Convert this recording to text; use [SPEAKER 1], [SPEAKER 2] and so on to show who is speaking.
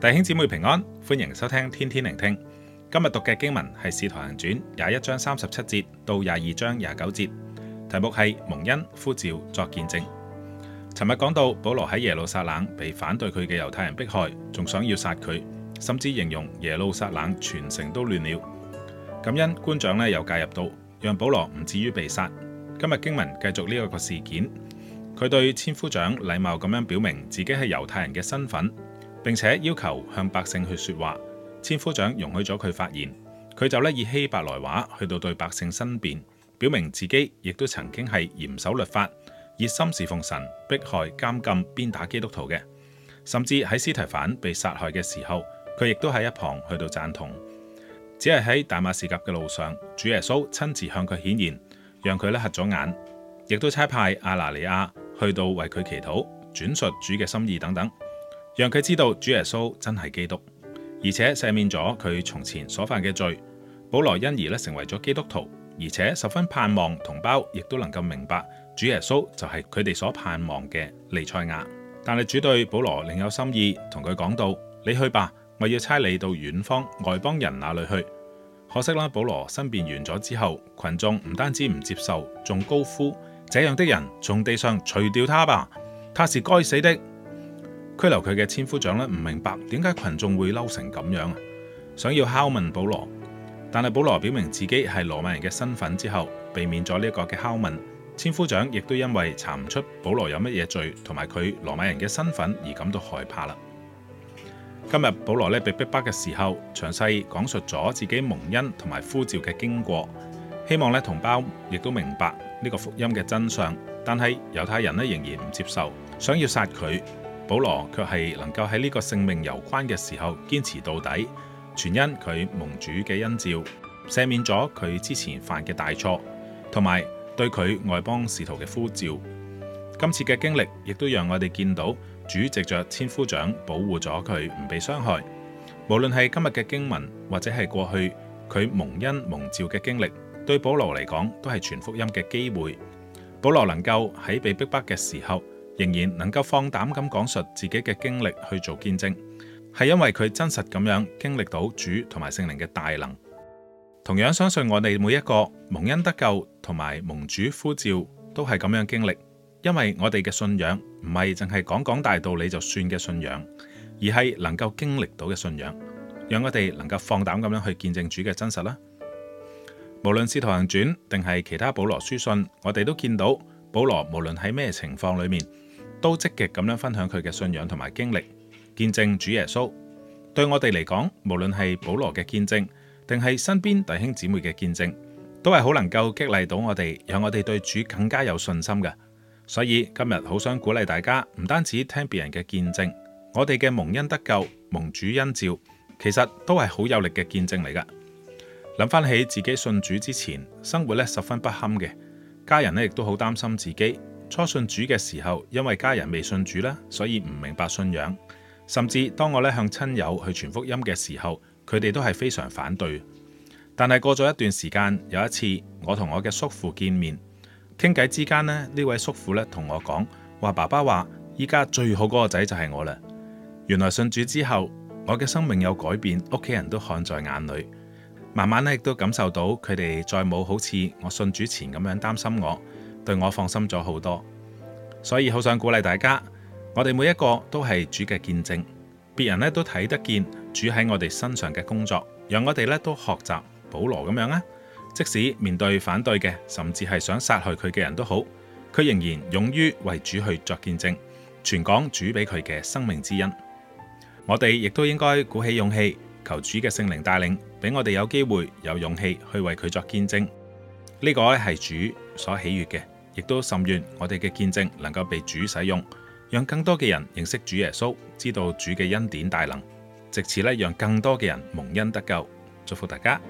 [SPEAKER 1] 弟兄姊妹平安，歡迎收聽天天靈聽。今日讀嘅經文係《使徒行傳》廿一章三十七節到廿二章廿九節，題目係蒙恩、呼召、作見證。尋日講到保羅喺耶路撒冷被反對佢嘅猶太人迫害，仲想要殺佢，甚至形容耶路撒冷全城都亂了。感恩官長咧又介入到，讓保羅唔至於被殺。今日經文繼續呢一個事件，佢對千夫長禮貌咁樣表明自己係猶太人嘅身份。並且要求向百姓去說話，千夫長容許咗佢發言，佢就以希伯來話去到對百姓申辯，表明自己亦都曾經係嚴守律法，熱心侍奉神，迫害監禁鞭打基督徒嘅，甚至喺司提反被殺害嘅時候，佢亦都喺一旁去到贊同，只係喺大馬士革嘅路上，主耶穌親自向佢顯現，讓佢咧合咗眼，亦都差派亞拿尼亞去到為佢祈禱，轉述主嘅心意等等。讓佢知道主耶穌真係基督，而且赦免咗佢從前所犯嘅罪。保羅因而咧成為咗基督徒，而且十分盼望同胞亦都能夠明白主耶穌就係佢哋所盼望嘅彌賽亞。但係主對保羅另有心意跟他說，同佢講道：你去吧，我要差你到遠方外邦人那裡去。可惜啦，保羅申辯完咗之後，群眾唔單止唔接受，仲高呼：這樣的人從地上除掉他吧，他是該死的。拘留佢嘅千夫長咧，唔明白點解群眾會嬲成咁樣啊，想要拷問保羅，但係保羅表明自己係羅馬人嘅身份之後，避免咗呢一個嘅拷問。千夫長亦都因為查唔出保羅有乜嘢罪同埋佢羅馬人嘅身份而感到害怕啦。今日保羅咧被逼迫嘅時候，詳細講述咗自己蒙恩同埋呼召嘅經過，希望咧同胞亦都明白呢個福音嘅真相。但係猶太人咧仍然唔接受，想要殺佢。保羅卻係能夠喺呢個性命攸關嘅時候堅持到底，全因佢蒙主嘅恩召赦免咗佢之前犯嘅大錯，同埋對佢外邦使徒嘅呼召。今次嘅經歷亦都讓我哋見到主藉着千夫長保護咗佢唔被傷害。無論係今日嘅經文或者係過去佢蒙恩蒙召嘅經歷，對保羅嚟講都係傳福音嘅機會。保羅能夠喺被逼迫嘅時候，仍然能夠放膽咁講述自己嘅經歷去做見證，係因為佢真實咁樣經歷到主同埋聖靈嘅大能。同樣，相信我哋每一個蒙恩得救同埋蒙主呼召都係咁樣經歷，因為我哋嘅信仰唔係淨係講講大道理就算嘅信仰，而係能夠經歷到嘅信仰，讓我哋能夠放膽咁樣去見證主嘅真實啦。無論是《使徒行傳》定係其他保羅書信，我哋都見到保羅無論喺咩情況裏面。都積極咁樣分享佢嘅信仰同埋經歷見證主耶穌。對我哋嚟講，無論係保羅嘅見證，定係身邊弟兄姊妹嘅見證，都係好能夠激勵到我哋，讓我哋對主更加有信心嘅。所以今日好想鼓勵大家，唔單止聽別人嘅見證，我哋嘅蒙恩得救、蒙主恩召，其實都係好有力嘅見證嚟噶。諗翻起自己信主之前，生活咧十分不堪嘅，家人咧亦都好擔心自己。初信主嘅時候，因為家人未信主咧，所以唔明白信仰。甚至當我咧向親友去傳福音嘅時候，佢哋都係非常反對。但係過咗一段時間，有一次我同我嘅叔父見面傾偈之間呢，呢位叔父咧同我講話：話爸爸話，依家最好嗰個仔就係我啦。原來信主之後，我嘅生命有改變，屋企人都看在眼裏，慢慢咧亦都感受到佢哋再冇好似我信主前咁樣擔心我。對我放心咗好多，所以好想鼓勵大家，我哋每一個都係主嘅見證，別人呢都睇得見主喺我哋身上嘅工作，讓我哋咧都學習保羅咁樣啊，即使面對反對嘅，甚至係想殺害佢嘅人都好，佢仍然勇於為主去作見證，傳講主俾佢嘅生命之恩。我哋亦都應該鼓起勇氣，求主嘅聖靈帶領，俾我哋有機會有勇氣去為佢作見證。呢、這個係主所喜悅嘅。亦都甚願我哋嘅見證能夠被主使用，讓更多嘅人認識主耶穌，知道主嘅恩典大能，借此呢，讓更多嘅人蒙恩得救。祝福大家。